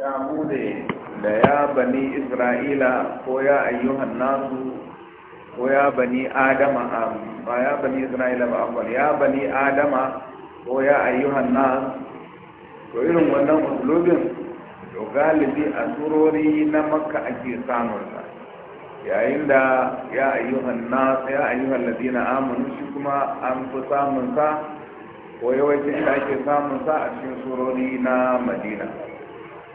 ta da ya bani isra'ila ko ya ayyuhan nasu ko ya bani adama ba ya bani isra'ila ba akwai ya bani adama ko ya ayyuhan nasu ko irin wannan usulobin to galibi a surori na makka ake samunsa yayin da ya ayyuhan nasu ya ayyuhan ladina amanu shi kuma an fi samunsa ko yawancin da ake samunsa a cikin surori na madina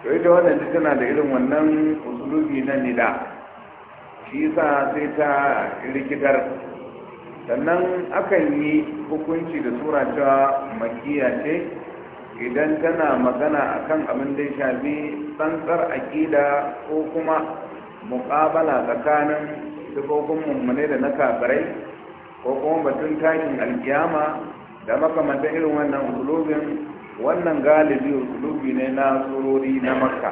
to ita wannan ta tana da irin wannan usulubi na nida shi sa sai ta rikitar sannan akan yi hukunci da sura cewa makiya ce idan tana magana akan abin da ya shafi tsantsar aƙida ko kuma muƙabala tsakanin sifofin mummune da na kafirai ko kuma batun takin alkiyama da makamantar irin wannan usulubin wannan galibi usulubi ne na surori na makka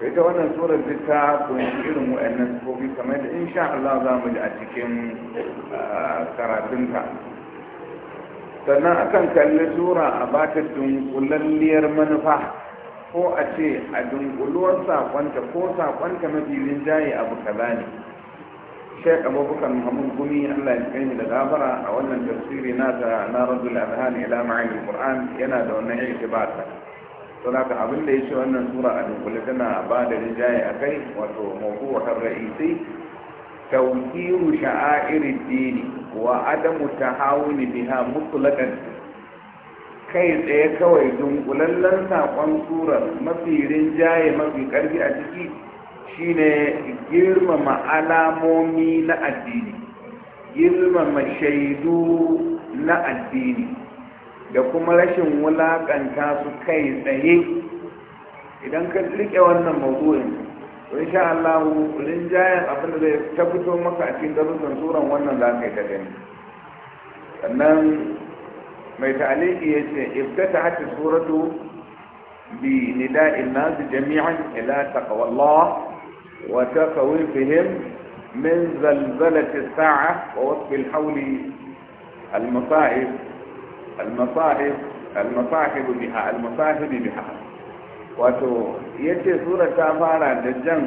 ita wannan surar duk ta kunshi irin wa'annan sufofi kamar in sha Allah za mu ji a cikin ah, karatunka sannan akan kalli sura a bata dunkulalliyar manufa ko a ce a dunkuluwar sakonta ko sakonta mafi linjaye abu kaza ne shek abubakar muhammad gumi allah ya kai da gafara a wannan tafsiri na na rajul azhan ila ma'ani qur'an yana da wannan iltibata to haka abin da yace wannan sura a dunkule tana ba da rijaye akai wato mawdu'ur ra'isi tawqiru sha'airid dini wa adamu tahawuni biha mutlaqan kai tsaye kawai dunkulallen saƙon surar mafi rinjaye mafi ƙarfi a ciki shine girmama alamomi na addini girmama shaidu na addini da kuma rashin wulaƙanta su kai tsaye idan ka rike wannan mawdu'in insha Allah rinjayen abin da zai ta fito maka a cikin darussan suran wannan za ka yi ta gani sannan mai ta'aliki ya ce ibtata hatta suratu bi nida'in nas jami'an ila taqwallah وتخويفهم من زلزلة الساعة ووصف الحول المصاحب المصاحب المصاحب بها المصاحب بها wato ya ce surar ta fara da jan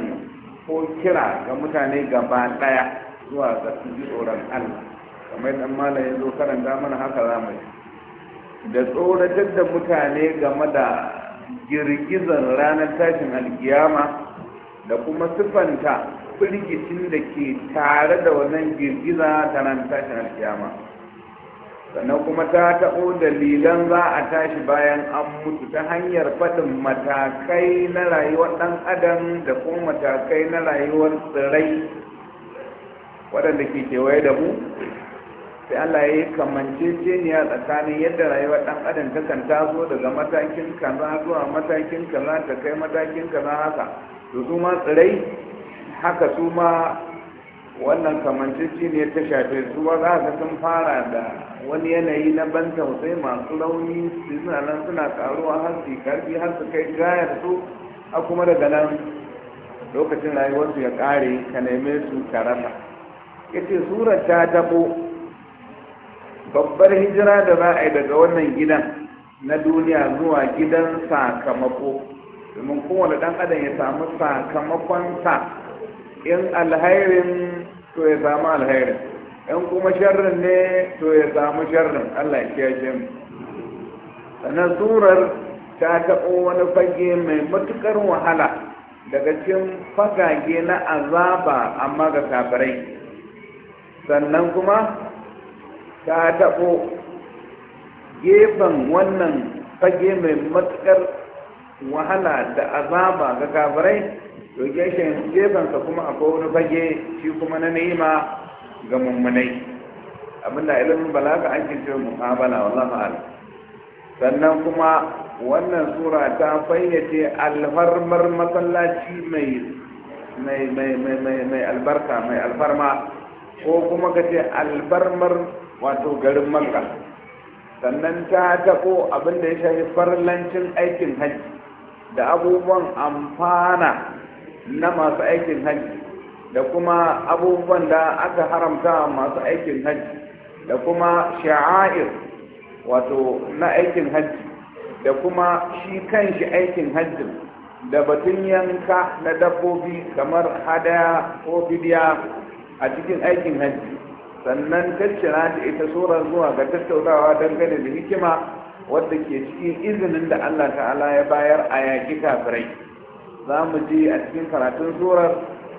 ko kira ga mutane gaba daya zuwa ga ji tsoron allah kamar dan mala ya zo karanta mana haka za mu da tsoratar da mutane game da girgizar ranar tashin alkiyama da kuma Sifanta, firgicin da ke tare da wannan girgiza ta ran tashin alkiyama sannan kuma ta taɓo dalilan za a tashi bayan an mutu ta hanyar faɗin matakai na rayuwar ɗan adam da kuma matakai na rayuwar tsirai waɗanda ke kewaye da mu sai Allah ya yi kamanceceniya tsakanin yadda rayuwar ɗan adam ta kan taso daga matakin kaza zuwa matakin kaza ta kai matakin kaza haka to su ma tsirai haka su ma wannan kamanceci ne ta shafe su ba za ka sun fara da wani yanayi na ban tausayi masu rauni suna nan suna karuwa har su karfi har su kai gayar su a kuma daga nan lokacin rayuwarsu ya kare ka neme su ka rasa yace surar ta tabo babbar hijira da za a yi daga wannan gidan na duniya zuwa gidan sakamako domin kowane ɗan adam ya samu sakamakon sa in alhairin to ya samu alhairin in kuma sharrin ne to ya samu sharrin allah ya kiyashe mu sannan surar ta taɓo wani fage mai matuƙar wahala daga cikin fagage na azaba amma ga kafirai sannan kuma ta taɓo gefen wannan fage mai matuƙar wahala da azaba ga kafirai to geshen gefensa kuma akwai wani fage shi kuma na ni'ima ga mummunai Abin da ilimin balaga an ce mu'amala wallahu a'lam sannan kuma wannan sura ta fayyace alfarmar masallaci mai mai mai mai mai mai albarka mai alfarma ko kuma ka ce alfarmar wato garin makka sannan ta tako abin da ya shafi farlancin aikin hajji da abubuwan amfana na masu aikin hajji da kuma abubuwan da aka haramta masu aikin hajji da kuma sha'air wato na aikin hajji da kuma shi kan shi aikin hajji da batun yanka na dabbobi kamar hadaya ko bidiya a cikin aikin hajji sannan tattara da ita tsoron zuwa ga tattaunawa dangane da hikima wadda ke cikin izinin da Allah ta'ala ya bayar a yaƙi kafirai za mu ji a cikin karatun surar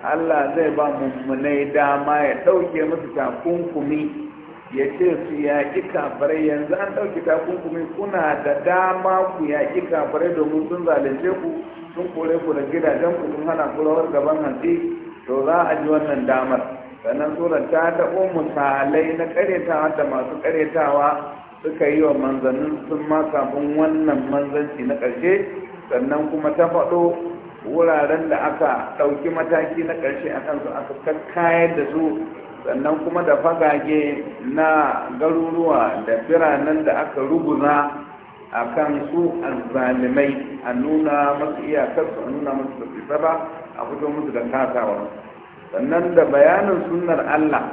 Allah zai ba mummunai dama ya ɗauke musu takunkumi ya ce su yaƙi kafirai yanzu an ɗauki takunkumi kuna da dama ku yaƙi kafirai domin sun zalunce ku sun kore ku da gidajen ku sun hana ku rawar gaban hantsi to za a ji wannan damar sannan surar ta taɓo misalai na ƙaretawa da masu ƙaretawa suka yi wa manzannin sun ma kafin wannan manzanci na ƙarshe sannan kuma ta faɗo wuraren da aka ɗauki mataki na ƙarshe a kansu aka kakkayar da su sannan kuma da fagage na garuruwa da biranen da aka ruguza a kan su alzalimai a nuna masu iyakarsu a nuna masu da ba a fito musu da kasawar sannan da bayanin sunnar allah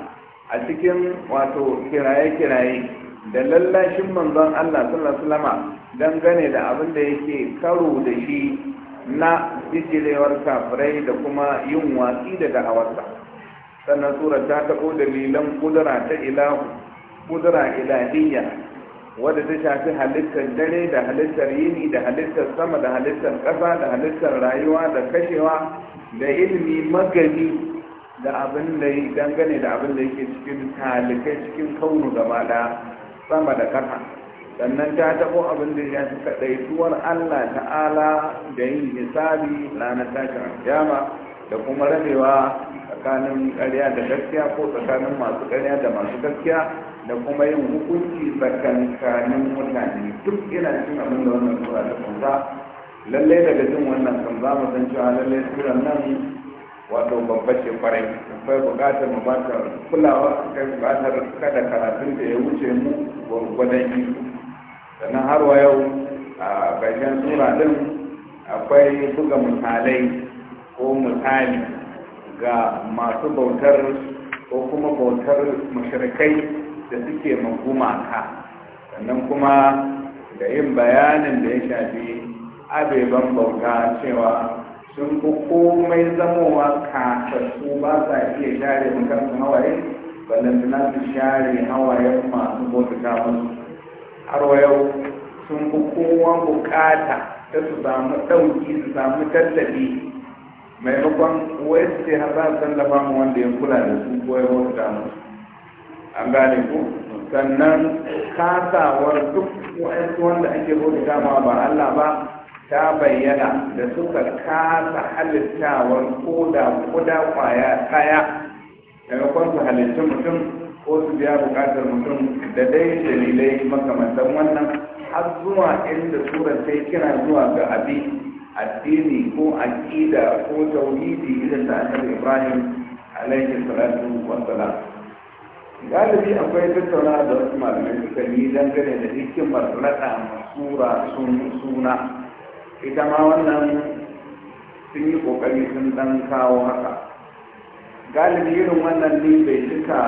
a cikin wato kiraye-kiraye da lallashin manzon Allah sallallahu alaihi wasallama dangane da abin da yake karo da shi na jijirewar kafirai da kuma yin watsi da da'awarsa sannan sura ta tako dalilan kudura ta ilahu kudura ilahiyya wadda ta shafi halittar dare da halittar yini da halittar sama da halittar ƙasa da halittar rayuwa da kashewa da ilimi magani da abin da dangane da abin da yake cikin talikai cikin kaunu gaba ɗaya sama da ƙasa sannan ta taɓo abin da ya fi kaɗaituwar Allah ta'ala da yin hisabi ranar tashin jama da kuma rabewa tsakanin ƙarya da gaskiya ko tsakanin masu ƙarya da masu gaskiya da kuma yin hukunci tsakankanin mutane duk ina cin abin da wannan sura ta kunsa lallai daga jin wannan kan za mu san cewa lallai suran nan wato babban ce kwarai akwai bukatar mu ba ta kulawa akwai bukatar kada karatun da ya wuce mu gwargwadon yi sannan har wa yau a bayan sura din akwai buga misalai ko misali ga masu bautar ko kuma bautar mashirkai da suke ka sannan kuma da yin bayanin da ya shafi abeban bauta cewa sun ku komai zamowa su ba sa iya share kansu hawaye ballantana su share hawayen masu bautuka musu har yau sun ku kowa bukata ta su samu ɗauki su samu tallafi maimakon wai su ce har za su tallafa mu wanda ya kula da su ko ya bautuka musu an gane ku sannan kasawar duk wa'yansu wanda ake bota ma ba Allah ba ta bayyana da suka kasa halittawar koda koda kwaya ɗaya maimakon su halittu mutum ko su biya bukatar mutum da dai dalilai makamantan wannan har zuwa inda surar sai kira zuwa ga abi addini ko aƙida ko tauhidi irin da annabi ibrahim alaihi salatu wassalam galibi akwai tattauna da wasu malamai suka yi dangane da hikimar raɗa sura sun suna ita ma wannan sun yi kokari sun dan kawo haka galibi irin wannan ne bai cika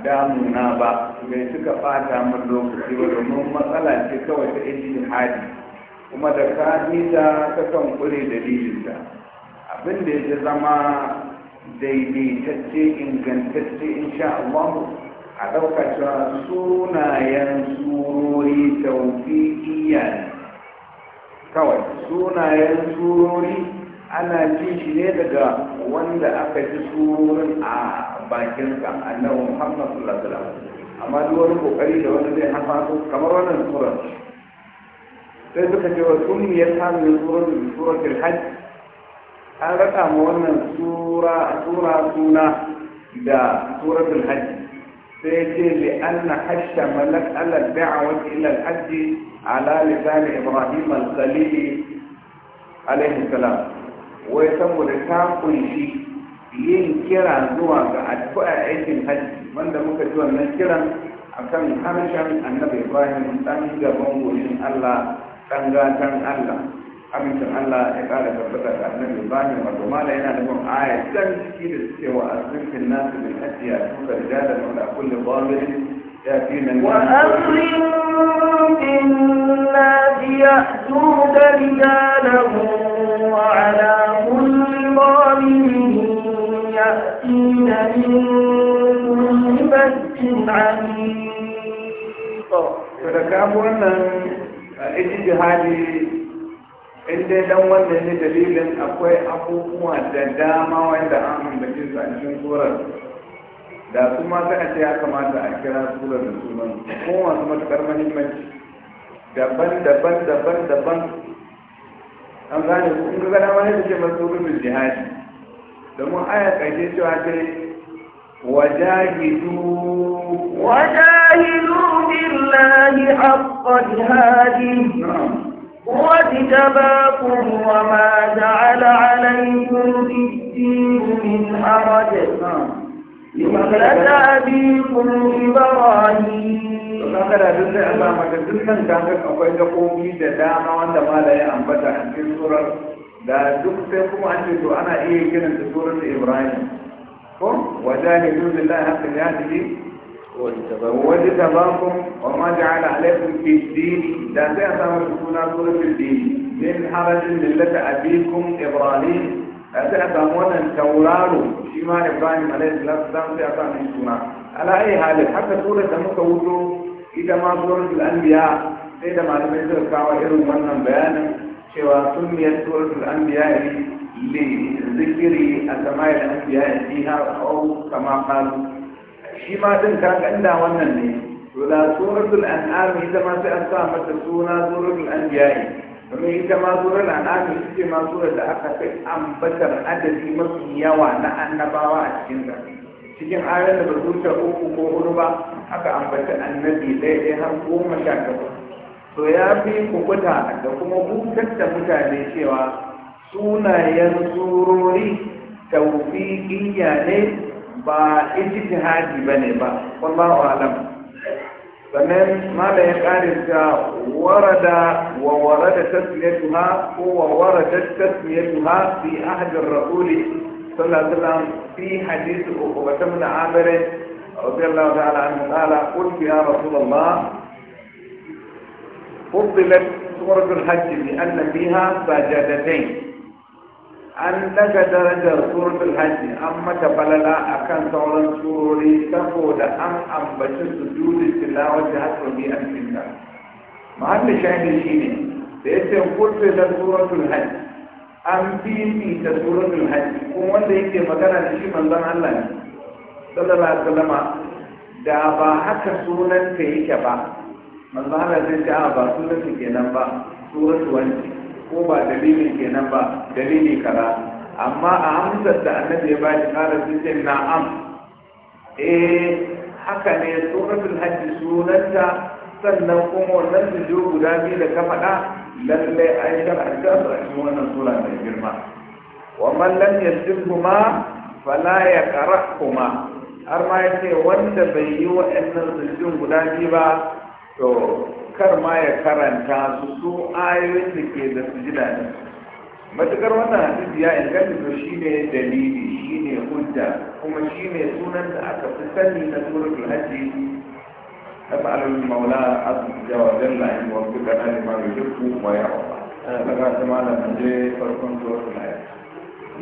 damuna ba bai cika bata min lokaci ba domin matsala ce kawai ta ijin hadi kuma da ka nisa ka kan kure dalilinta abin da ya zama daidaitacce ingantacce insha Allah a ɗaukacin sunayen surori taufiƙiyya ne kawai sunayen surori ana jin shi ne daga wanda aka ji surorin a bakinsa annabi muhammad sallallahu alaihi wasallam amma duk wani kokari da wanda zai hafa su kamar wannan surar sai suka ce wa sun ya samu suratun suratul hajj an raka ma wannan sura sura suna da suratul hajj sai ce li anna hashta malak ala da'awat ila al-hajj ala lisan ibrahim al-khalili alaihi salam wai saboda ta kunshi yin kira zuwa ga addu'a aikin hajji wanda muka ji wannan kiran akan harshen annabi ibrahim dan gaban goshin Allah dan gatan Allah amincin Allah ya ƙara tabbata da annabi Ibrahim wato mala yana da mun aya dan ciki da suke wa azzikin nasu bil hajji ya tuka rijala wa la kulli dhalim ya fi nan wa azrim bin nadi ya tuka rijala wa ala kulli dhalim ya fi nan min batin amin to da kamu wannan ijtihadi in dai dan wannan ne dalilin akwai abubuwa da dama wanda an ambaci su a cikin surar da su ma za a ce ya kamata a kira surar da sunan ko masu matuƙar mahimmanci daban daban daban daban an gane ku in ga dama ne da ce masu rubin jihadi domin aya ƙarshe cewa dai wajahidu wajahidu billahi haqqa jihadi هو اجتباكم وما جعل عليكم في الدين من حرج ملة أبيكم إبراهيم kana duk sai Allah maka dukkan gangan akwai gaɓoɓi da dama wanda mala ya ambata a cikin surar da duk sai kuma an ce to ana iya kiran da surar Ibrahim ko wajahidu billahi haqqan yahdi واجتباكم وما جعل عليكم في الدين لا تأثر سكونا سورة الدين من حرج ملة أبيكم إبراهيم لا تأثر وانا تورارو شما إبراهيم عليه الصلاة والسلام تأثر سكونا على أي حال حتى سورة مكوزو إذا ما سورة الأنبياء إذا ما لم يزل كاوى إرو من بيانا شوى سميت سورة الأنبياء لذكر أسماء الأنبياء فيها أو كما قالوا shi ma din ka wannan ne to da suratul an'am ita ma sai an sa mata suna suratul anbiya'i kuma ita ma suratul an'am ita ce ma surar da aka fi ambatar adadi mafi yawa na annabawa a cikin ta cikin ayar da ba ta uku ko hudu ba aka ambata annabi ɗaya ɗaya har goma sha gaba to ya fi kukuta da kuma hutar da mutane cewa sunayen surori taufiƙiyya ne ba ijtihadi bane ba wallahu alam sannan mala ya kare ta warada wa warada tasmiyatuha ko wa warada tasmiyatuha fi ahad ar-rasul sallallahu alaihi wasallam fi hadith uqbah ibn amir radiyallahu ta'ala anhu qala qultu ya rasul allah فضلت سورة الحج بأن فيها سجدتين an daga darajar suratul hajji an mata falala kan sauran surori saboda an ambaci su sujudin tilawati hasu bi an tinda mahallin shi ne, da yace kurfe da surutul hajji an fifi ta surutul hajji kuma wanda yake magana da shi manzon Allah ne sallallahu alaihi da ba haka sunan ta yake ba manzon Allah zai ce a ba sunan ke kenan ba suratul hajji ko ba dalilin kenan ba dalili kaza amma a hamsar da annabi ya bashi kala sun ce na'am eh haka ne suratul hajji sunanta sannan kuma wannan su jo guda biyu da ka faɗa lallai an da su a cikin wannan sura mai girma wa man lam yasibhuma fala yaqra'huma har ma yace wanda bai yi wa'annan sujudun guda biyu ba to kar ma ya karanta su su ayoyin da ke da sujida ne matukar wannan hadisi ya inganta to shine dalili shine hujja kuma shine sunan da aka fi sani na suratul hajji نسأل المولى عز وجل أن يوفقنا لما يحب ويرضى. لقد سمعنا من da فرقم سورة الآية.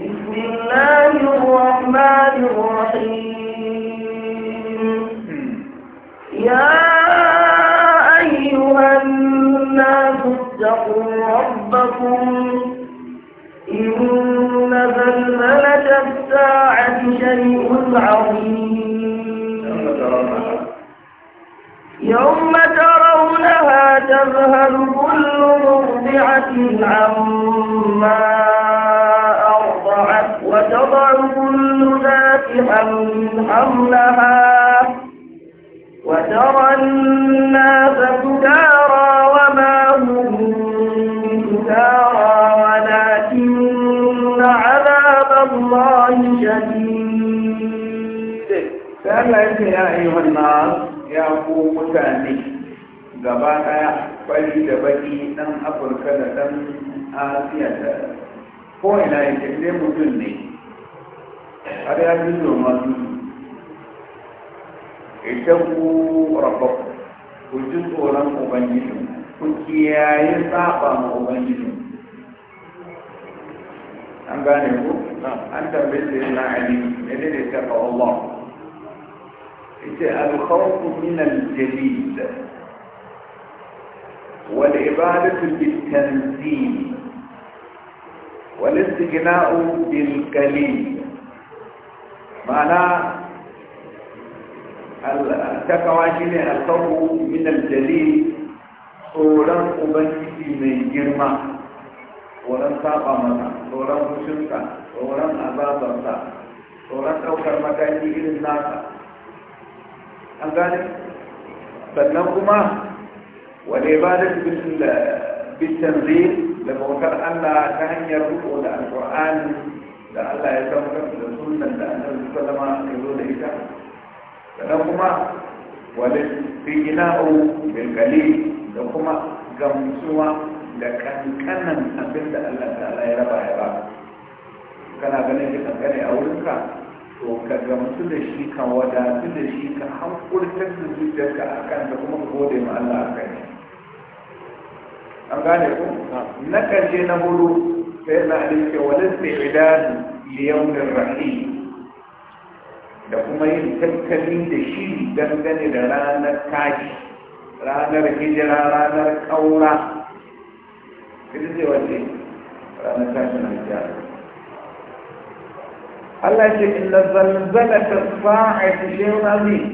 بسم الله الرحمن الرحيم. يا أيها الناس اتقوا ربكم إن زلزلة الساعة شيء عظيم يوم ترونها تذهل كل مرضعة عما أرضعت وتضع كل ذات حمل حملها وترى الناس سكارى وما هم سكارى ولكن عذاب الله شديد فمن يا أيها الناس يا قوم ثاني gaba ɗaya fari da baki ɗan afirka da ɗan asiya da ko ina yake ne mutum ne har ya fi noma su ittaqu rabbakum ku ji tsoron ubangiji ku kiyaye saba ma ubangiji an gane ku an tambaye na ali ne ne ta ka Allah ita al-khawf min al-jadid wal-ibadatu bit-tanzim wal-istighna'u bil بالقليل معناه takawa shi ne alkawo min aljali tsoron ubangiji mai girma tsoron saba masa tsoron fushinsa tsoron azabarsa tsoron ɗaukar mataki irin nasa an gane sannan kuma wale ba da bisan zai da bautar allah ta hanyar riko da alkur'ani da allah ya saukar da sunan da annabi sallama ya zo da ita sannan kuma walistinahu bil qalil da kuma gamsuwa da kankanan abin da Allah ta'ala ya raba ya ba kana ganin shi kankane a wurinka to ka gamsu da shi ka wadatu da shi ka hankurtar da zuciyarka a kan da kuma ka gode ma Allah a kai an gane ku na karshe na hudu sai na alike walistinahu liyawmin rahim da kuma yin tattalin da shi dangane da ranar kaji ranar hijira ranar ƙaura ita zai wace ranar kashi na hijira Allah ce inna zalzala ta sa'ati shay'un azim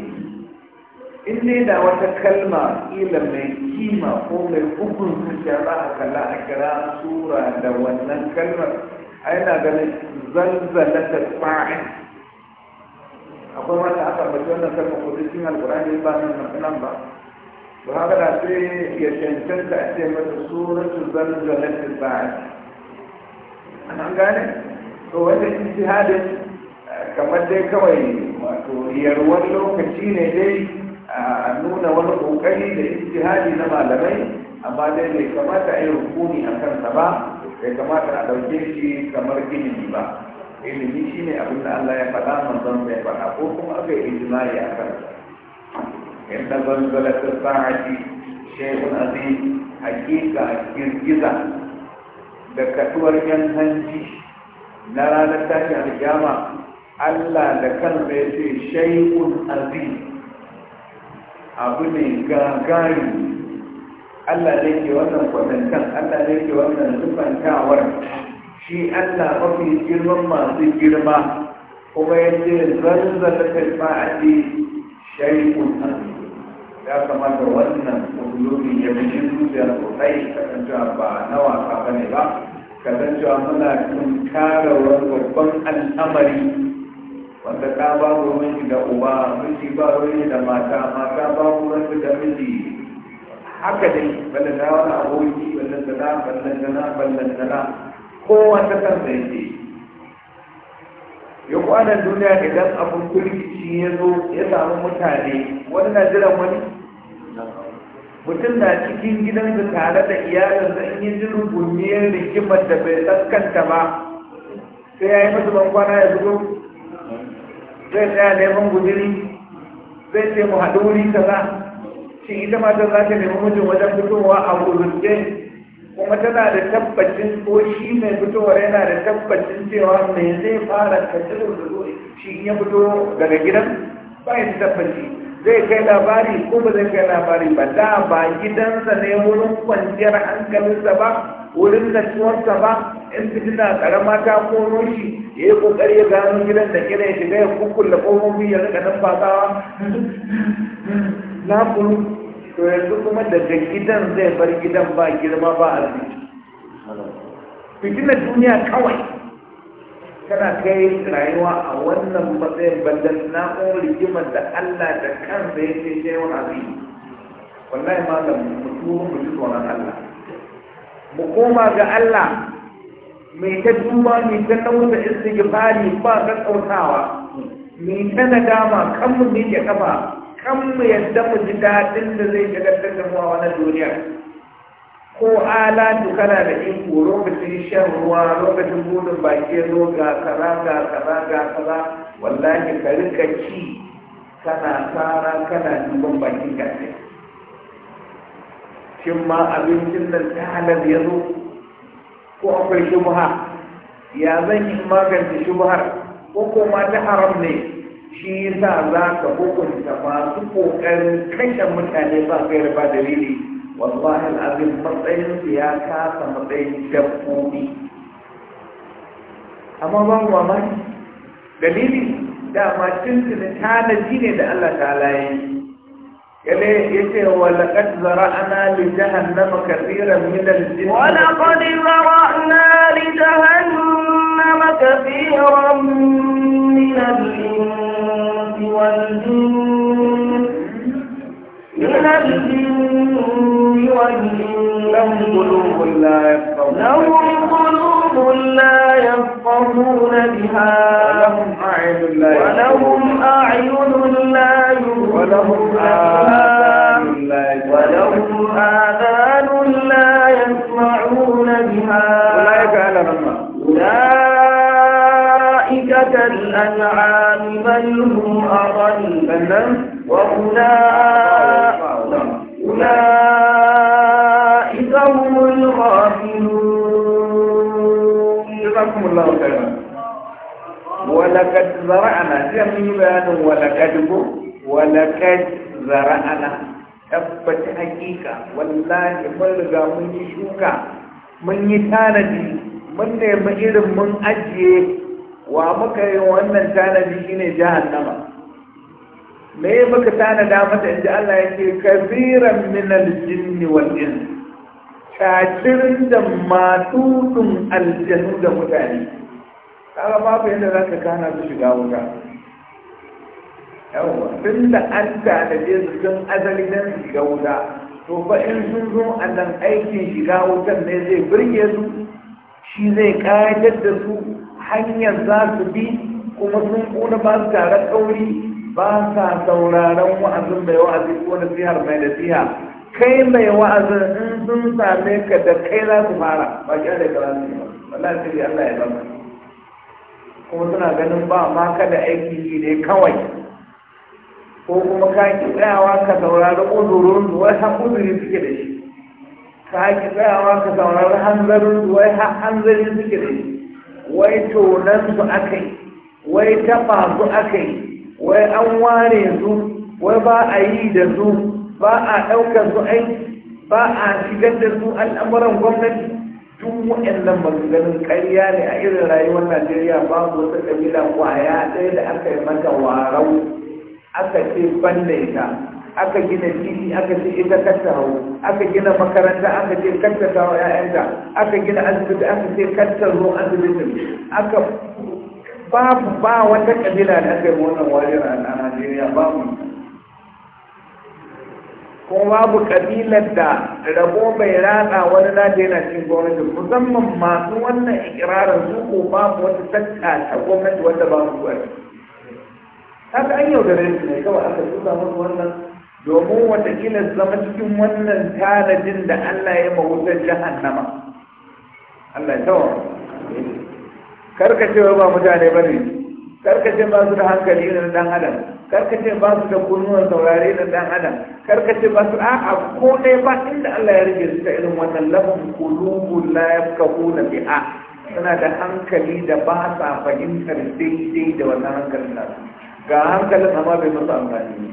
in dai da wata kalma ila mai kima ko mai hukun zuciya za a kalla a kira sura da wannan kalmar A yana ganin zalzala ta fa'a akwai wata aka bace wannan kalma ko duk cikin alkurani ba nan nan nan ba ba haka da sai ya cancanta a ce mata suratul zalzalatul ba'd an gane to wanda ijtihadin eh, kamar dai kawai wato yarwar lokaci ne dai eh, a nuna wani kokari da ijtihadi na malamai amma dai bai kamata a yi rukuni a kansa ba bai kamata a ɗauke shi kamar gini ba ilimi ne abin da Allah ya faɗa manzon sa ya faɗa ko kuma aka yi ijma'i a kan in ban zalzala ta sa'ati shay'un azim hakika girgiza da katuwar yan hanji na ranar tashi aljama Allah da kan ya ce shay'un azim abu ne gagari Allah ne ke wannan kwatantan Allah ne ke wannan zufantawar shi Allah mafi girman masu girma kuma ya ce a shafa'ati shaikun hannu. ya kamata wannan kullumi ya fi shi zuciya sosai kasancewa ba na wasa ba ne ba kasancewa muna cikin karawar babban al'amari wanda ta ba mu miji da uba miji ba wani da mata mata ba mu wani da miji haka dai balle da wani aboki balle da na ballan da na ballan da na kowa ta kansa yake yau kwanan duniya idan abin turkici ya zo ya samu mutane wani na jiran wani mutum na cikin gidansa tare da iyalinsa in yi jin rubuniyar rikimar da bai tsakanta ba sai ya yi masu bankwana ya zubo zai tsaya neman guduri zai ce mu haɗu wuri kaza shi ita matan za ta nemi mijin wajen fitowa a gudunce kuma tana da tabbacin ko shi mai fitowar yana da tabbacin cewa mai zai fara kasirin da zuwa shi ya fito daga gidan ba tabbaci zai kai labari ko ba zai kai labari ba da ba gidansa ne wurin kwanciyar hankalinsa ba wurin natsuwarsa ba in fitina karama ta kono shi ya yi kokari ya gano gidan da gina ya shiga ya kukkulla kofofi ya rika numfasawa na kuru to yanzu kuma daga gidan zai bar gidan ba girma ba arziki fitinar duniya kawai kana kai rayuwa a wannan matsayin bandar na'urar rigimar da allah da kansa ya ce shi wani arziki wallahi malam mutu mu ji tsoron allah mu koma ga allah mai ta duba mai ta nauta istighfari ba tsautawa mai ta nadama kan mu ne ke kafa kan mu yadda mu ji daɗin da zai shagaltar da mu a wannan duniya ko alatu kana da iko lokacin shan ruwa lokacin gudun baki zo ga kaza ga kaza ga kaza wallahi ka rika ci kana tsara kana dubban bakin gaske. shin ma abincin nan ta halar ya zo ko akwai shubha ya zan yi magance shubhar ko kuma ta haram ne shi yasa za ka hukunta masu ƙoƙarin kashe mutane ba kai ba dalili wallahi al'azim matsayin su ya kasa matsayin dabbobi amma ba mu mamaki dalili dama na tanaji ne da Allah Ta layi. ya ce wa laqad zara'na li jahannama kathiran min al-jinn wa laqad zara'na li jahannama قلوب لا يفقهون لهم قلوب لا يفقهون بها ولهم أعين لا ولهم أعين ولهم آذان لا يسمعون بها أولئك على أولئك كالأنعام بل هم أضل وأولئك walakad zara'ana sai mun yi bayanin walakad ko zara'ana tabbata hakika wallahi mun riga mun shuka mun yi tanadi mun nemi irin mun ajiye wa muka yi wannan tanadi shine nama? me muka tanada mata inji Allah yake kabiran min al-jinni wal ins kacirin matutun aljanu da mutane kaga babu yadda za ka gana su shiga wuta yawwa tun da an tanaje su sun azali don su shiga wuta to fa in sun zo a nan aikin shiga wutan ne zai birge su shi zai ƙayatar da su hanyar za su bi kuma sun kuna ba su tare kauri ba sa sauraron wa'azin mai wa'azi ko na siyar mai da siya. kai mai wa'azin in sun same ka da kai za su fara ba ki da kalan ne ba wallahi sai Allah ya baka kuma suna ganin ba ma kada aiki ne kawai ko kuma ka ki tsayawa ka saurari uzurin wai har uzuri suke da shi ka ki tsayawa ka saurari hanzarin wai ha hanzari suke da shi wai tonan su aka yi wai tafa su aka yi wai an ware su wai ba a yi da su ba a ɗaukar su aiki ba a shigar da su al'amuran gwamnati duk waɗannan ganin ƙarya ne a irin rayuwar najeriya ba su wata kabila kwaya ɗaya da aka yi mata warau aka ce ban da ita aka gina titi aka ce ita kasta hau aka gina makaranta aka ce kasta kawo ‘ya'yanta aka gina asibiti aka ce kasta ruwan asibitin aka babu ba wata kabila da aka yi wannan wajen a najeriya babu ko babu kabilar da rabo bai rada wani nata yana cin gwamnati musamman masu wannan ikirarin su ko babu wata sakka ta gwamnati wanda ba su zuwa haka an yaudare su ne kawai aka tuka musu wannan domin watakila zama cikin wannan tanadin da Allah ya wutar jahannama Allah ya tawa karkacewa ba mutane ba ne karkace ba su da hankali na dan adam karkace ba su da kunuwar saurare na dan adam karkace ba su a'a ko dai ba inda Allah ya rage su ta irin wannan lafin kulubu la yafkahuna bi'a suna da hankali da ba sa fahimtar daidai da wannan hankalin nasu ga hankalin amma bai musu amfani ne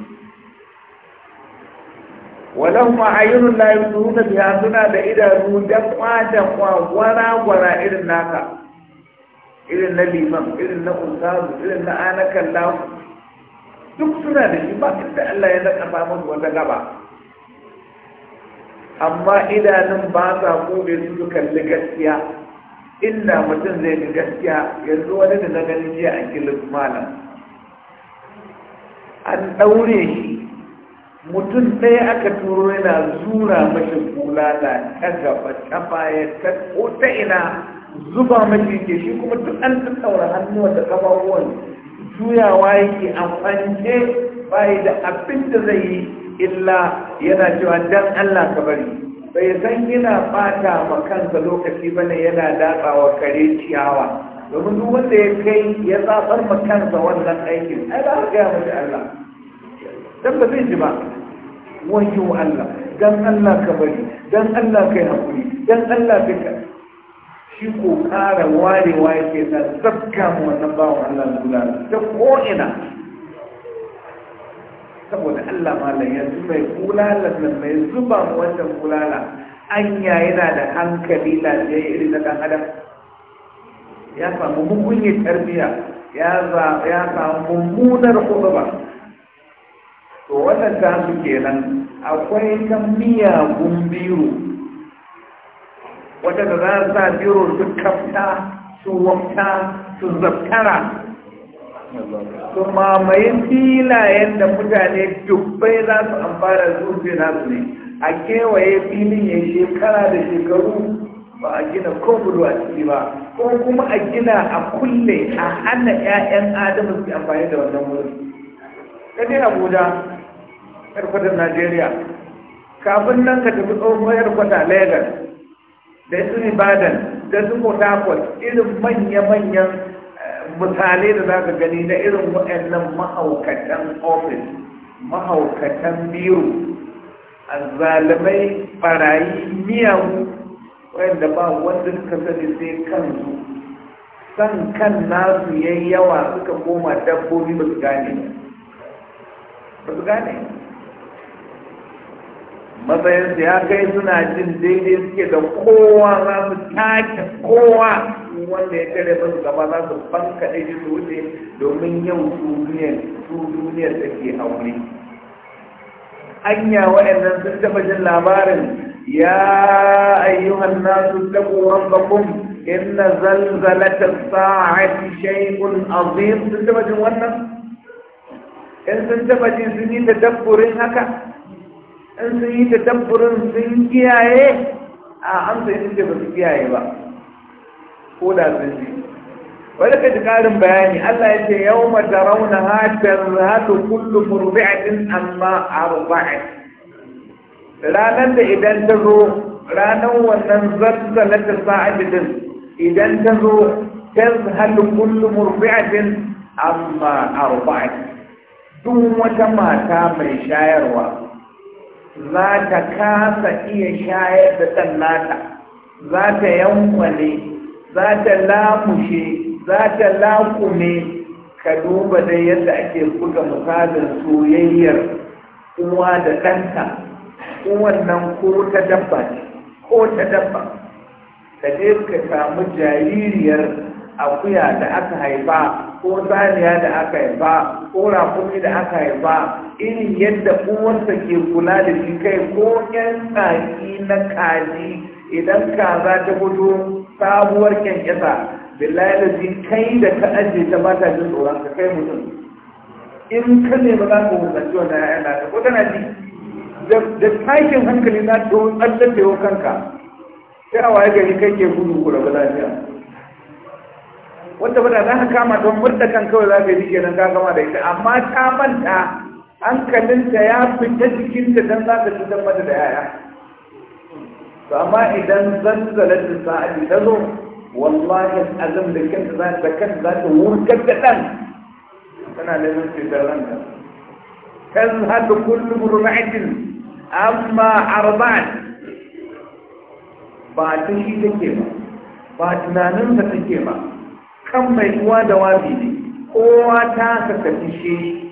walahu ma'ayunun la yusuna biha suna da idanu da kwa da kwa gwara gwara irin naka irin na liman irin na Usazu, irin na anakan lahu duk suna da shi ba inda Allah ya ba musu wata gaba amma idanun ba sa kube su su kalli gaskiya inda mutum zai ga gaskiya yanzu wani da na gani jiya a kilin malam an ɗaure shi mutum ɗaya aka turo yana zura mashi bulala ta gaba ta baya ta ko ta ina zuba mai ke shi kuma duk an tattaura hannuwa da kafafuwan juyawa yake amfance bai da abin da zai yi illa yana cewa dan Allah ka bari bai san yana fata ma kansa lokaci bane yana wa kare ciyawa domin duk wanda ya kai ya tsafar ma kansa wannan aikin ai ba ga mu da Allah dan ba zai ji ba wayo Allah dan Allah ka bari dan Allah kai hakuri dan Allah ka shi ko ƙara warewa ke na tsakka mu wannan bawan Allah ta ko'ina saboda Allah malam ya zuba bulala nan mai zuba mu wannan an anya yana da hankali lafiyayye irin na ɗan adam ya samu mugunyi tarbiyya ya samu mummunar ba. to wannan ta su kenan akwai kan miyagun biyu da za sa biro su kafta su wafta su zaftara su mamaye filayen da mutane dubbai za su amfana zuwa su ne a kewaye filin ya shekara da shekaru ba a gina ko gudu a ciki ba ko kuma a gina a kulle a hana 'ya'yan adamu su amfani da wannan wurin kaje abuja yarkwatar najeriya kafin nan ka tafi tsohon kwata lagos da su ibadan da su port irin manya-manyan eh, misalai da za ka gani da irin waɗannan ma'aukatan ofis mahaukatan biyu azalimai barayi Miyan wanda ba wanda suka sani sai kansu san kan nasu yayi yawa suka koma dabbobi ba su gane ba su gane matsayinsu ya kai suna jin daidai suke da kowa za su take kowa wanda ya kare masu gaba za su banka daidai su wuce domin yau su duniyar su duniyar da ke aure Hanya waɗannan sun taɓa jin labarin ya ayyuhan nasu taɓo rabbakum inna zalzalatas sa'ati shay'un azim sun taɓa jin wannan in sun taɓa jin sun yi da dabburin haka in sun yi tabburin sun kiyaye a amsa ita ce ba su kiyaye ba ko da sun ji wani ka ji ƙarin bayani Allah ya ce yau mata rauna hatar hatu kullum murbi'atin amma arba'in ranar da idan ta zo ranar wannan na ta din idan ta zo tazhal kullu murbi'atin amma arba'in duk wata mata mai shayarwa za ta kasa iya shayar da ɗan nata za ta yankwane za ta lamushe za ta lakume ka duba dai yadda ake buga misalin soyayyar uwa da ɗanta uwan nan ko ta dabba ko ta dabba ka je ka samu jaririyar akuya da aka haifa ko saniya da aka haifa ko rakumi da aka haifa irin yadda uwarsa ke kula da shi kai ko yan tsaki na kaji idan kaza ta fito sabuwar kyankyasa billahi da ji kai da ka ajiye ta ba ta jin tsoron ka kai mutum in ka nemi za ka hukunci ya yana ta, ko tana ji da takin hankali na tsohon tsallan da yau kanka sai a waye gari kai ke gudu kula ba lafiya wanda ba da za ka kama don murda kan kawai za ka yi kenan ka gama da ita amma ta manta hankalinta ya fita jikinta don za ka cutar mata da yaya to amma idan zanzalar da sa'adi ta zo wallahi azam da kanta za ta kanta za ta wurgar da ɗan tana neman cutar ranka kan haka kullum ruma'itin amma arba'at ba ta shi take ba ba tunaninsa take ba kan mai uwa da wabi ne kowa ta saka fishe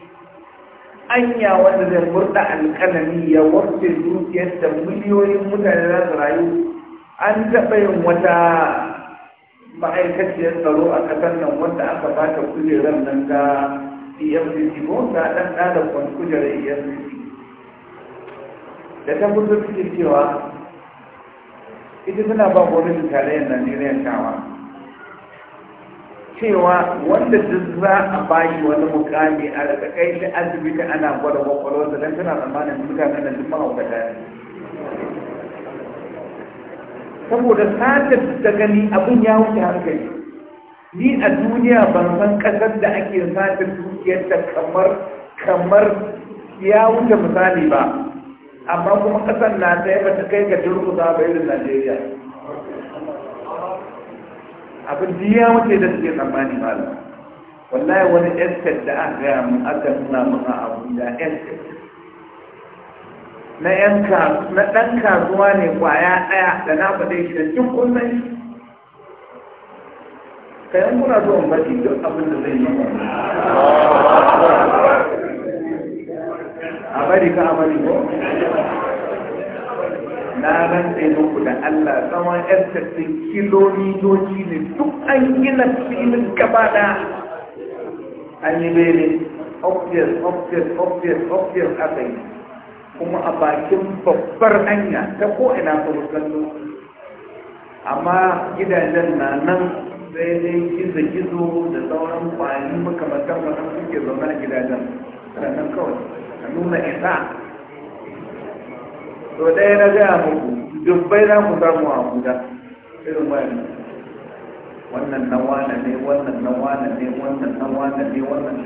anya wanda zai burda alkalami ya wuce dukiyar da miliyoyin mutane za rayu an taɓa yin wata ma'aikaciyar tsaro a ƙasar nan wanda aka ba ta kujerar nan ga efcc ko ta ɗan ɗada kujerar efcc da ta fito cewa ita tana ba gwamnatin tarayyar najeriya shawara cewa wanda duk za a bashi wani mukami a rika kai shi asibiti ana gwada kwakwalwarsa don tana tsammanin mutanen da duk mahaukata ne saboda satar da gani abin ya wuce hankali ni a duniya ban san kasar da ake satar dukiyarta kamar kamar ya wuce misali ba amma kuma kasar na ta yi ba ta kai ga jirgin ba irin najeriya abin da ya wuce da suke tsammani malam wallahi wani esket da aka gaya mun aka nuna mun abu da estate na ɗan kasuwa ne kwaya ɗaya da na faɗe shi da duk kullum shi kayan kuna zuwa mafi duk abin da zai yi a bari ka amari ko na rantse muku da Allah tsawon ni kilomitoci ne duk an gina filin gaba da an yi bere obvious obvious obvious obvious aka yi kuma a bakin babbar hanya ta ko ina kuma kallo amma gidajen na nan sai dai gizo-gizo da sauran kwanin makamantar wannan suke zaune a gidajen sannan kawai a nuna isa to ɗaya na gaya muku dubbai za mu samu a guda irin wani wannan na wane ne wannan na wane ne wannan na wane ne wannan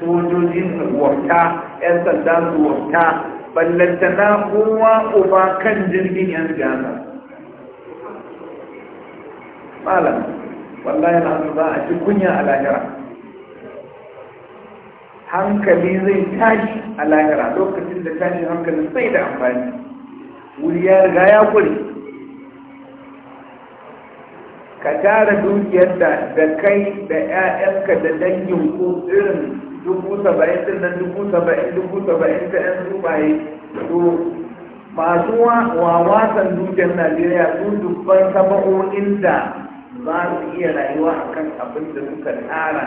sojojin su wata yan sanda su wata ballantana kowa uba kan jirgin yan siyasa malam wallahi na za a ci kunya a lahira hankali zai tashi a lahira lokacin da tashi hankalin sai da amfani wuri ya riga ya kure ka tara dukiyar da da kai da 'ya'yanka da dangin ku irin dubu saba'in din nan dubu saba'in dubu saba'in ta 'yan zubaye to masu wawasan dukiyar najeriya sun dubban saba'o'in da za su iya rayuwa a kan abin da suka tara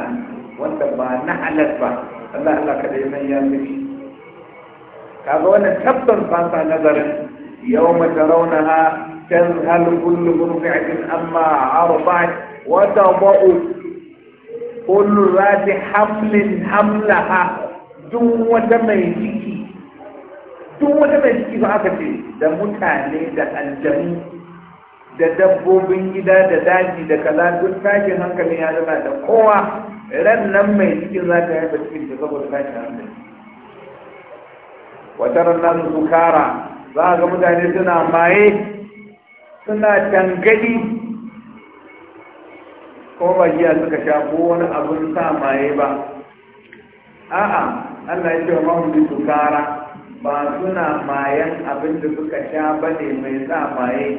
wanda ba na halar ba Allah Allah kada ya nan ya tafi kaga wannan tabbas ba sa nazarin يوم ترونها تذهل كل مرفعة أما أرضعت وتضع كل ذات حمل حملها دوة ميتك دوة ميتك فأكت ده متعني ده الجميع da dabbobin gida da daji da kaza duk tashin hankali ya zama da kowa ran nan mai cikin za ta haifa cikin da saboda tashin hankali wata ran nan za ga mutane suna maye suna tangali ko ba jiya suka sha ko wani abin sa maye ba a'a Allah ya ce wa mahimmi su kara ba suna mayan abin da suka sha ba ne mai sa maye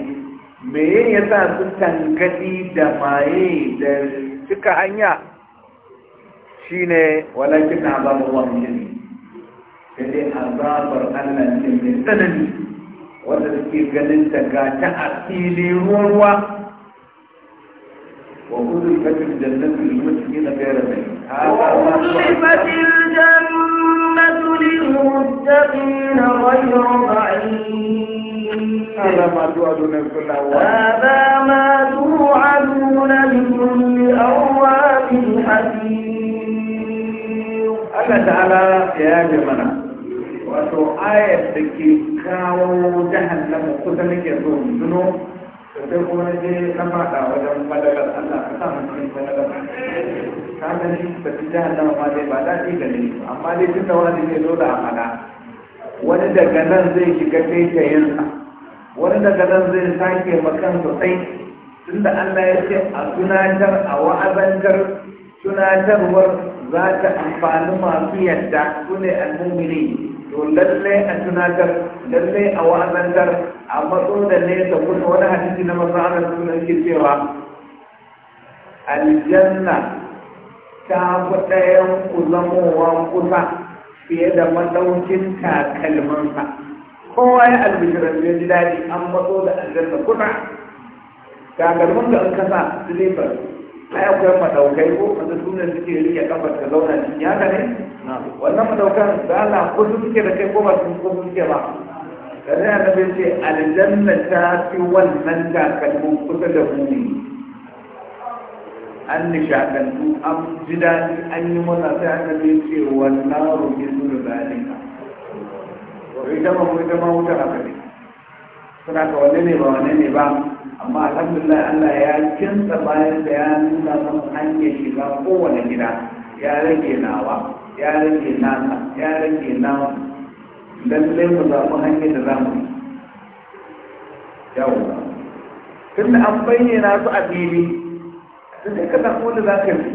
me ya sa su tangadi da maye da cika hanya shine walakin na ba mu wani sai azabar Allah ce mai tsanani wanda suke ganin ta ga ta a fili ruwa الجنة للمسكين غير بعيد الجنة للمتقين غير بعيد هذا ما توعدون لكل أواب هذا ما توعدون لكل أواب حكيم أنا تعالى يا جماعة wato ayar da ke kawo na kusa nake so tuno da sai kuma na je na fada wajen madagar Allah ka sa mu cikin madagar ka gani da ta na ma dai ba daɗi da ni amma dai tun da wani ne zo da amana wani daga nan zai shiga taitayensa wani daga nan zai sake makan sosai tunda Allah ya ce a tunatar a wa'azantar tunatarwar za ta amfani masu yadda su ne almumini to lalle a tunatar lalle a wa'azantar a matso da ta kuma wani hadisi na masu ana suna ke cewa aljanna ta fi ɗayan ku zamowa kusa fiye da maɗaukin takalmansa kowa ya albishirar ya ji daɗi an matso da aljanna kusa takalmanka in kasa silifar ai akwai madaukai ko wanda suna suke rike kafar ta zauna cikin haka ne wannan madaukan da Allah ko su suke da kai ko ba su ko su suke ba kaza ya nabi ce aljanna ta fi wannan takalmin kusa da mu an nishadantu an ji daɗi an yi mana sai an nabi ce wannan roƙi su da zalika ita ma ita ma wuta haka ne suna ka wani ne ba wani ne ba amma alhamdulillah Allah ya kinsa bayan da ya nuna mun hanyar shiga kowane gida ya rage nawa ya rage nasa ya rage nawa lallai mu zaɓi hanyar da za mu yi yawon tun da an bayyana su a fili tun da kada wanda za ka fi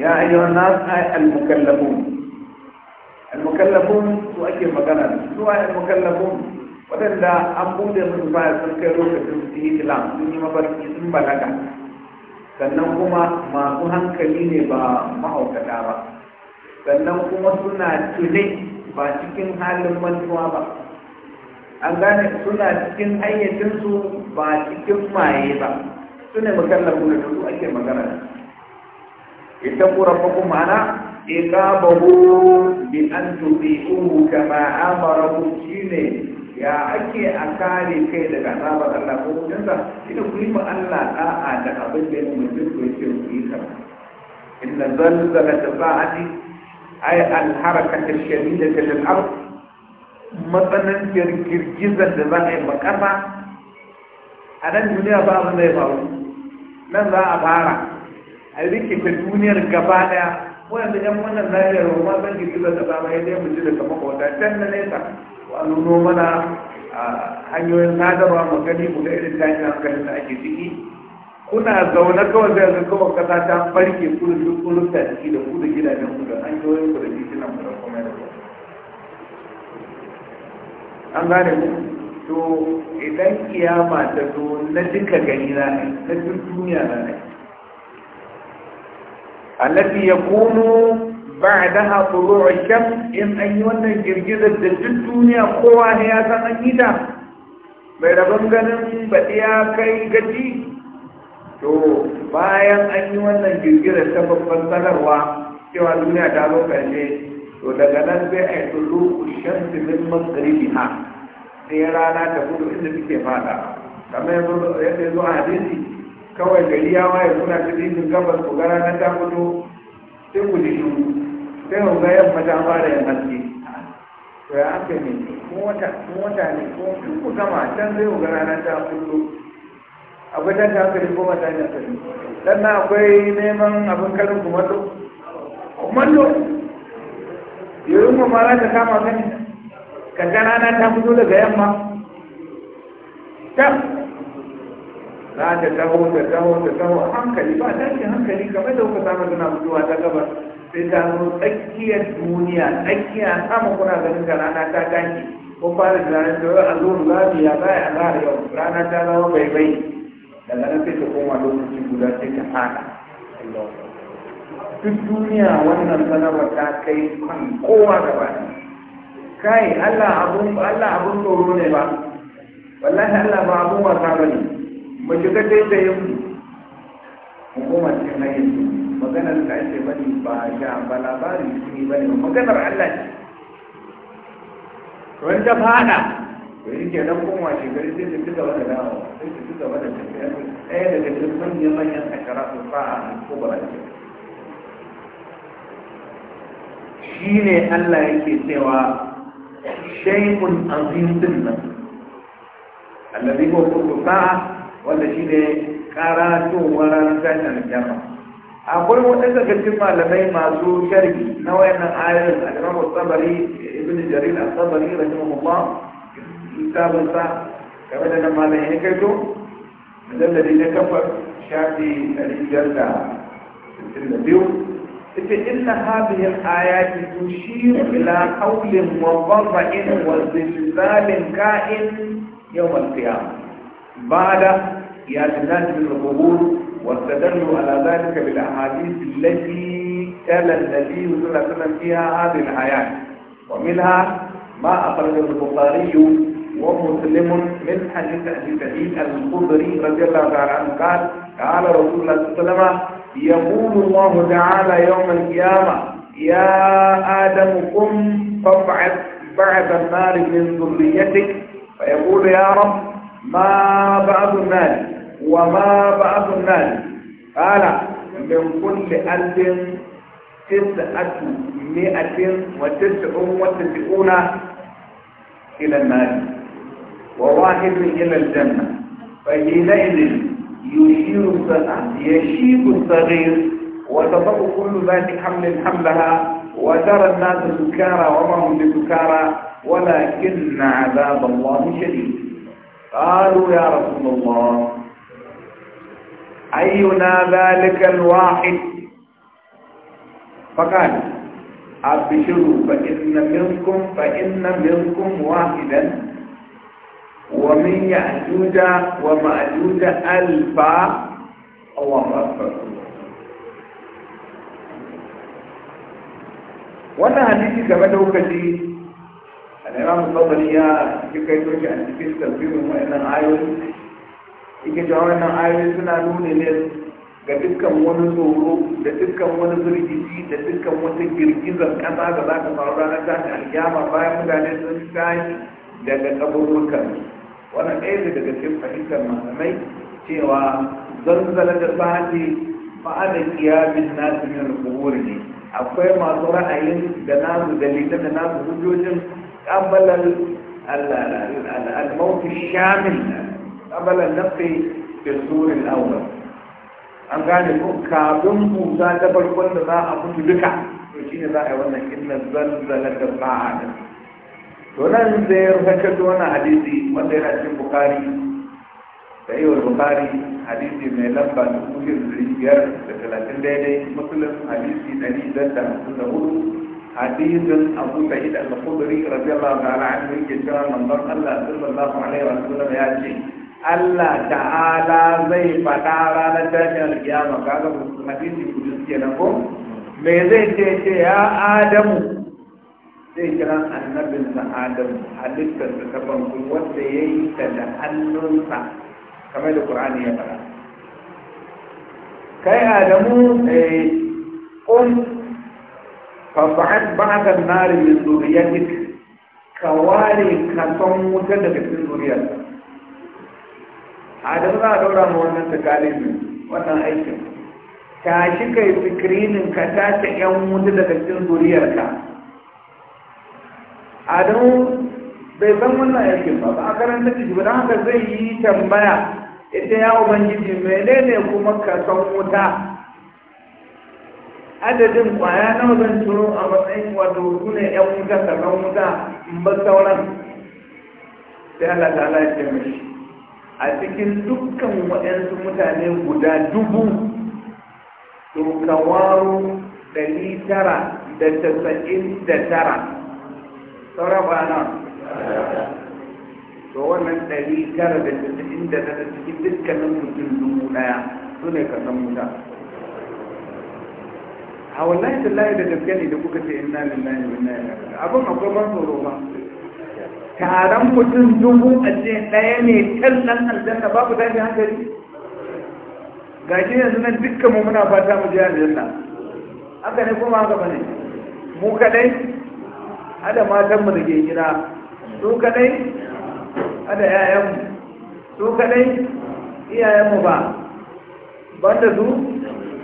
ya ayyuwa na sai al-mukallafun al-mukallafun su ake magana su ai al-mukallafun waɗanda an buɗe musu baya sun kai lokacin su yi islam sun yi mafarki sun balaga sannan kuma masu hankali ne ba mahaukata ba sannan kuma suna tune ba cikin halin mantuwa ba an gane suna cikin hayyacinsu ba cikin maye ba su ne makallafu da su ake magana ita kura fa kuma ana iqabahu bi an tuqihu kama amara shine ya ake a kare kai daga azabar Allah ko mutunta ina ku yi ma Allah da'a da abin da yana mutum ko yake ku yi kama inna zalzala ta sa'ati ay al harakata shadidata lil ard matsananciyar girgizar da za a yi makasa a nan duniya ba abin zai faru nan za a fara a rike ta duniyar gaba daya wanda yan wannan lafiyar ruwa zan girgizar da ba ma ya dai mutu daga makwata can na nesa a nuno mana a hanyoyin sadarwa mu gani mu ga irin tashin hankalin da ake ciki kuna zaune kawai zai zai kawai kasa ta farke ku da duk kullum da ciki da ku da gidajen ku da hanyoyin ku da titunan nan da kuma da an gane ku to idan kiyama ta zo na duka gani na ne na duk duniya na ne allati yakunu ba'daha tulu'u shams in an yi wannan girgizar da duk duniya kowa ne ya san an yi ta mai rabon ganin baɗi ya kai gaji to bayan an yi wannan girgizar ta babban sanarwa cewa duniya ta zo ƙarshe to daga nan sai a yi tulu'u shams min ha? sai rana ta gudu inda take fada kamar yadda ya a hadisi kawai gari ya waye kuna ta dindin gabas ku gara na ta fito sai ku ji shi sai ku ga yamma ta fara yin haske to ya aka ne ko wata ko wata ne ko ku gama can sai ku gara na ta fito akwai ta ta hankali ko mata ne hankali sannan akwai neman abin karin mato kumallo yorin mu ma ta kama ka ne ka ta rana ta fito daga yamma ta za ta taho ta taho ta taho a hankali ba ce hankali kamar da kuka samu suna mutuwa ta gabas sai ta zo tsakiyar duniya tsakiya sama kuna ganin ga rana ta tashi ko fara da ranar ta a zo rami ya za a zara yau rana ta zama bai bai daga nan sai ta koma lokacin guda sai ta hana duk duniya wannan sanarwa ta kai kan kowa gaba kai Allah abun Allah abun tsoro ne ba wallahi Allah ba abun wasa bane mu shiga taitayin mu koma cin hanyar maganar da ake bani ba ya, ba labarin shi ne bane maganar Allah ne wani ta fada to shi ke nan kuma shekaru sai su ci gaba da dawo sai su ci gaba da tafiya ɗaya daga cikin manyan manyan shara su a ko ba shi ne Allah yake cewa shaikun azizin din nan allazi huwa kullu sa'a wanda shi ne karatowar ranar tashin alkiyama akwai waɗanda gajin malamai masu sharhi na wayannan ayoyin al-imamu sabari ibn jarir al-sabari rahimahullah kitabun sa game da nan malam ya kai to mujalladi na kafar shafi ɗari biyar da sittin da biyu ita inna hadhihi al-ayati tushiru ila qawlin wa dharrin wa zilzalin ka'in yawm al-qiyamah بعد يتناسب القبول واستدلوا على ذلك بالاحاديث التي كان النبي صلى الله عليه وسلم فيها هذه الحياه ومنها ما اخرجه البخاري ومسلم من حديث ابي سعيد الخدري رضي الله تعالى عنه قال قال رسول الله صلى الله عليه وسلم يقول الله تعالى يوم القيامه يا ادم قم فابعث بعث النار من ذريتك فيقول يا رب ما بعض الناس وما بعض الناس قال من كل ألف تسعة مئة وتسع وتسعون إلى النار وواحد إلى الجنة فحينئذ يشير يشيب الصغير وتضع كل ذات حمل حملها وترى الناس سكارى وما هم بسكارى ولكن عذاب الله شديد قالوا يا رسول الله أينا ذلك الواحد فقال أبشروا فإن منكم فإن منكم واحدا ومن يأجوج ومأجوج ألفا الله أكبر wannan hadisi game da hukaci الإمام الطبري يكي يتوجه a cikin تنفيذ وإن الآيوي yake jawo wannan ayoyi suna nuni ne ga dukkan wani tsoro da dukkan wani firgici da dukkan wata girgizar kasa da za ta faru ranar tashin alkiyama bayan mutane sun tashi daga kaburbukan wannan ɗaya ne daga cikin fahimtar malamai cewa zanzala da sati ba a da kiyamin nasu min kuburi ne akwai masu ra'ayin da nasu dalilan da nasu hujjojin قبل الموت الشامل قبل النفي في الدور الأول an gane ko kafin busa ta farkon da za a mutu duka to ne za a yi wannan inna zalzala da ba'ada to nan sai ya rubuta da wannan hadisi wanda yana cikin bukari da yau bukari hadisi mai lamba da kuke da biyar da talatin daidai musulun hadisi ɗari da talatin da hudu hadisin abu sa'id al-khudri radiyallahu ta'ala anhu yake cewa manzon Allah sallallahu alaihi wa sallam ya ce Allah ta'ala zai faɗa ranar tashin alkiyama kaga hadisi kudus kenan ko me zai ce ce ya adamu zai kira annabinsa adamu halittarsa ta banku wanda ya yi ta da hannunsa kamar da ƙur'ani ya faɗa kai adamu eh kun فابعد بعد النار من kasan wuta daga cikin zuriyar a da za a daura ma wannan takalibin wannan aikin shi kai sikirinin ka ta yan wuta daga cikin a adam bai san wannan aikin ba ba a karanta shi ba don haka zai yi tambaya ita ya ubangiji menene kuma ka san wuta adadin kwaya nawa zan turo a matsayin wato su ne yan wuta sakan wuta in ba sauran sai Allah ta Allah ya ce a cikin dukkan waɗansu mutane guda dubu to ka waro ɗari tara da tasa'in da tara sauran ba na to wannan ɗari tara da tasa'in da tara cikin dukkanin mutum dubu ɗaya su ne ka san mutane a wallahi tallahi da gaske ne da kuka ce ina lillahi wa inna ilaihi raji'un abin akwai ban tsoro ba taron mutum dubu a ce ɗaya ne nan aljanna babu tashi hankali Ga shi yanzu nan dukkan mu muna fata mu je aljanna haka ne kuma haka bane mu kadai ada matan mu da ke gida su kadai ada yayan mu su kadai iyayen mu ba banda su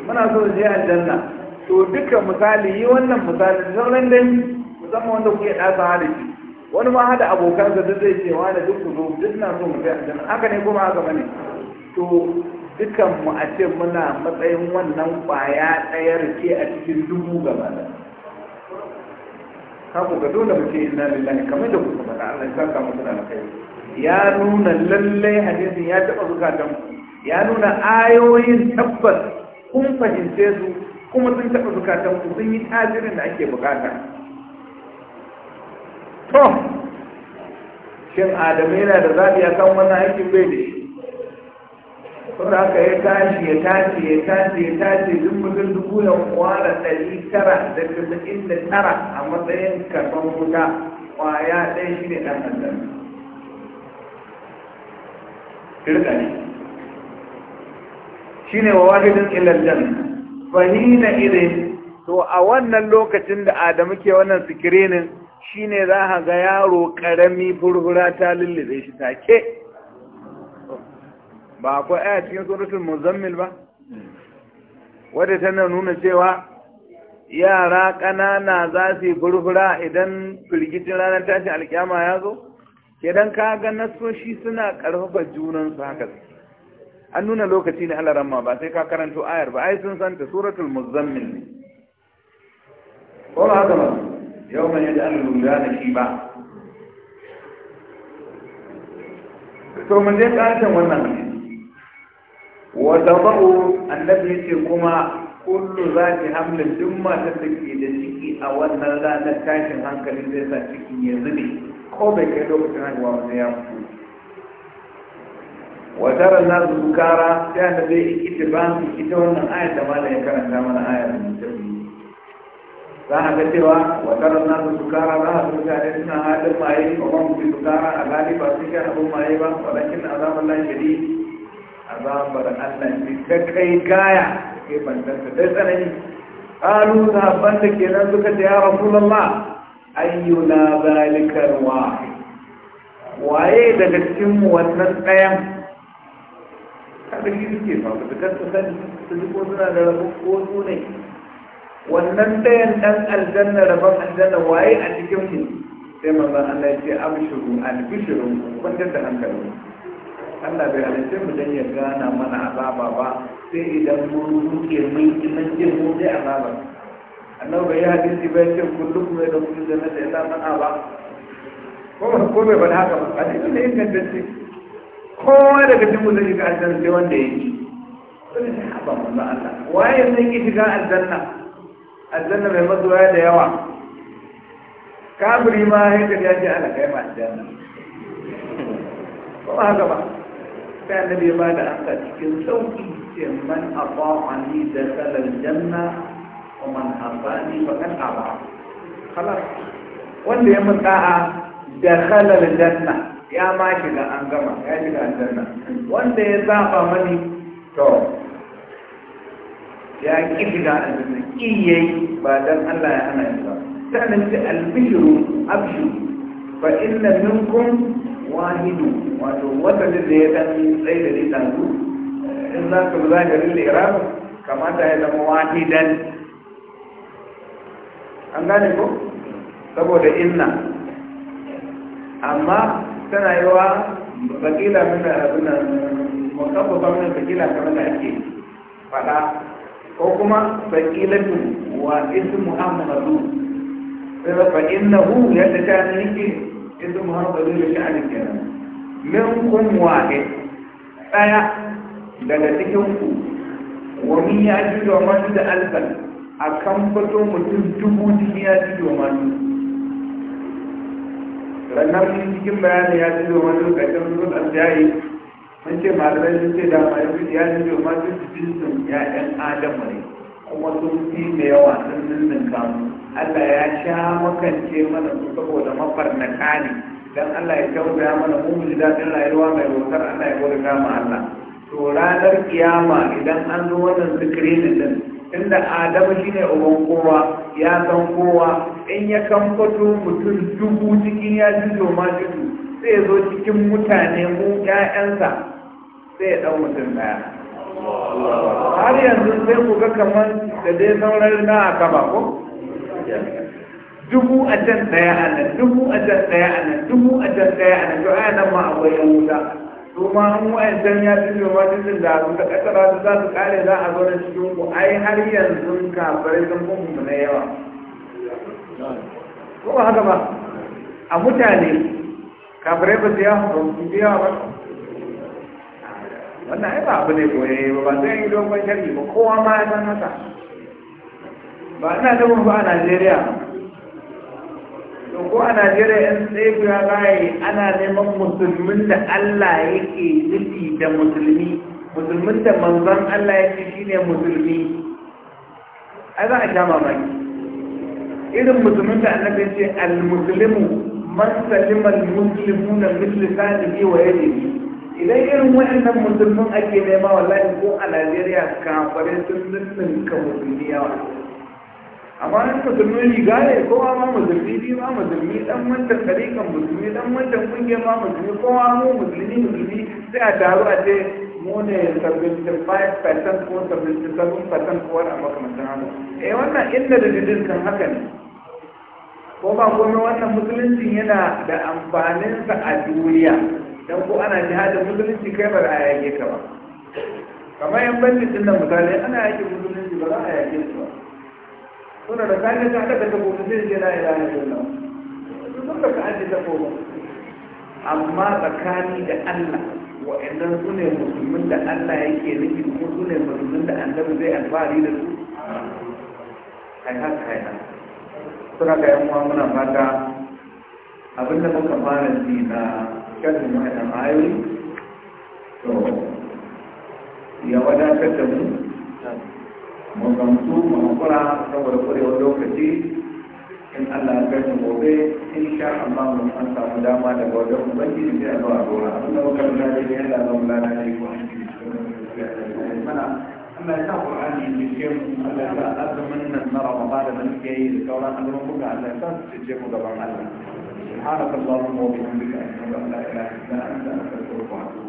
muna so je aljanna to duka misali yi wannan misali sauran dai musamman wanda kuke ɗasa shi. wani ma hada abokansa duk zai ce wani duk su zo duk na so mu sai aljanna haka ne kuma haka bane to dukan mu a ce muna matsayin wannan kwaya ɗaya rike a cikin dubu gaba da kaku ga dole mu ce inna lillahi kamar da kuka faɗa Allah ya saka muku da kai ya nuna lallai hadisin ya taɓa zukatan ya nuna ayoyin tabbas kun fahimce su kuma sun taɓa bukatan ku sun yi tajirin da ake bukata to shin adamu yana da zaɓi a kan wannan aikin bai da shi kuma aka ya tashi ya tashi ya tashi ya tashi duk mutum dubu ya kwara ɗari tara da tasa'in da tara a matsayin karɓar wuta kwaya ɗaya shi ne ɗan adam shirka ne shi ne wa wajen ilal janna fahina ire to a wannan lokacin da adamu ke wannan sikirinin shine za a ga yaro ƙarami furfura ta lullube shi take ba akwai aya cikin suratul muzammil ba wadda tana nuna cewa yara ƙanana za su yi furfura idan firgicin ranar tashin alkyama ya zo idan ka ga nasoshi suna ƙarfafa junansu haka su an nuna lokaci ne Allah ramma ba sai ka karanto ayar ba ai sun santa suratul muzammil ne ko ba haka ba yau man yadda an lura da shi ba to mun je karantan wannan wa tabu annabi ce kuma kullu zati hamlin duk matar da ke da ciki a wannan ranar tashin hankali zai sa cikin ya zube ko bai kai lokacin haihuwa ba sai ya mutu watara na zukara sai da bai iki ta ba mu ita wannan ayar da ma da ya karanta mana ayar da mutum za a ga cewa na zukara za a zuka da suna haɗin maye ba ma a galiba sun kyan abin maye ba walakin na azabar Allah shari azabar Allah shi ta kai gaya da ke bantanta dai tsanani ƙalu na banda kenan suka ce ya rasulallah ayyuna zalikar wahi waye daga cikin wannan ɗayan kaga shi suke su suna da ko su ne wannan ɗayan ɗan aljanna rabon aljanna waye a cikin mu sai manzon Allah ya ce abshuru wanda da hankali Allah bai halitta mu dan ya gana mana azaba ba sai idan mun ruke mun kinan jin mu sai azaba annabi bai hadisi bai ce kullukum ya da kullu man aba ko ko bai bada haka ba hadisi ne ingantacce kowa daga cikin mutum shiga aljanna sai wanda ya yi ba manzo Allah waye zai yi shiga aljanna aljanna mai masoya da yawa kafiri ma ya kaji ya ce Allah kai ma aljanna ko haka ba sai annabi ya bada amsa cikin sauki ce man ata'ani da salal janna wa man asani kan aba khalas wanda ya muta'a da khalal janna ya ma shiga an gama ya shiga aljanna wanda ya saba mani to ya ki shiga aljanna ki yayi ba dan Allah ya hana shi ba sannan ce albishru abshu fa inna minkum wahidu wato wata da ya dan tsaye da ni dan eh, in za ka zahirin lirab kamata ya zama wahidan an gane ko saboda inna amma tana yi wa bakila muna abin makabba muna bakila kamar da ake fada ko kuma bakilatu wa ismu muhammadu sai fa innahu ya ta nake ismu muhammadu da sha'ani kenan min kun wahid daya daga cikin ku wa min ya ji da wani da kan akan fito mutum dubu cikin ya ji da wani sannan cikin bayani ya ce wani lokacin sun aljayi mun ce malamai sun ce da mai ya ce ma sun ci jinsin ya'yan adam ne kuma sun fi mai yawa sun ninnin kamu Allah ya sha makance mana su saboda mafarnaka ne dan Allah ya tausaya mana mu mu ji daɗin rayuwa mai rotar Allah ya gode ma Allah to ranar kiyama idan an zo wannan zikirin din tunda adamu shine uban kowa ya san kowa in ya kamfato mutum dubu cikin ya ji doma dubu sai zo cikin mutane mu ƴaƴansa sai ya ɗan mutum ɗaya har yanzu sai ku ga kamar da dai sauran na a kaba ko dubu a can ɗaya a nan dubu a can ɗaya a nan dubu a can ɗaya a nan to a nan ma akwai yan wuta kuma ma an wa'ancan ya fi mai wajen da su ka kasara su za su kare za a zo da cikin ku ai har yanzu kafirai sun kuma mu na yawa ko ba haka ba a mutane ka ba su yawa ba su biya yawa ba wannan ai ba abu ne koye ba ba sai yi dogon sharhi ba kowa ma ya san haka ba ina da ba a Najeriya to ko a najeriya in tsefiya bayi ana neman musulmin da allah yake nufi da musulmi musulmin da manzon allah yake shine musulmi ai za a sha mamaki irin musulmin da annabi ce al-muslimu man salima musulmu muslimuna min lisanihi wa yadihi idan irin waɗannan musulmin ake nema wallahi ko a najeriya kafirai sun nufin ka musulmi yawa amma nan musulmin riga ne kowa ma musulmi bi ma musulmi dan wancan tarikan musulmi dan wancan kungiyar ma musulmi kowa mu musulmi musulmi sai a taru a ce mu ne 75% ko 77% ko wani a makamantan hannu. eh wannan inda da jidin kan haka ne ko ba komai wannan musuluncin yana da amfaninsa a duniya dan ko ana jihadin musulunci kai ba a yage ka ba kamar yan bandit din nan misali ana yake musulunci ba za a yage su ba suna da kanin ta haka da kabo sai ya la ilaha illallah sun da ka ta koma amma tsakani da Allah wa'annan su ne musulmin da Allah yake nufi ko su ne musulmin da annabi zai alfahari da su kai haka kai haka suna ga yan muna fata abinda muka fara ji na kyanin wa'annan ayoyi to ya wadatar da mu mu gamsu mu hakura saboda kurewar lokaci in Allah ya kai gobe in sha Allah mun an samu dama daga wajen ubangiji sai a zo a dora abin da muka lura da ne Allah zan lura da ne ko mana Allah ya sa Qur'ani ya cece mu Allah ya sa azumin nan na Ramadan da ke yi da sauran azumuka Allah ya sa su cece mu gaban Allah سبحانك اللهم وبحمدك أشهد أن لا إله إلا أنت